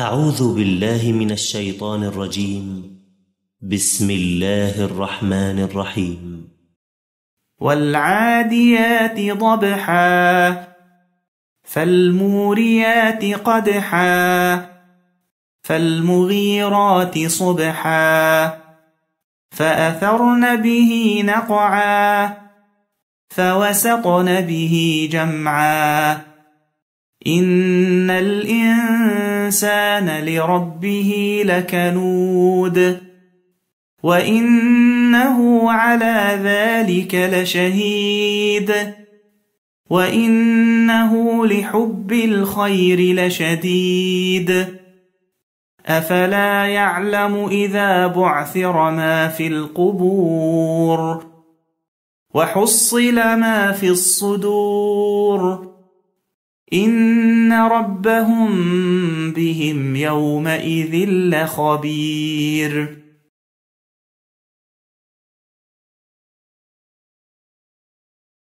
أعوذ بالله من الشيطان الرجيم بسم الله الرحمن الرحيم والعاديات ضبحا فالموريات قدحا فالمغيرات صبحا فأثرن به نقعا فوسطن به جمعا إن الإنسان الإنسان لربه لكنود وإنه على ذلك لشهيد وإنه لحب الخير لشديد أفلا يعلم إذا بعثر ما في القبور وحصل ما في الصدور إن ربهم بهم يومئذ لخبير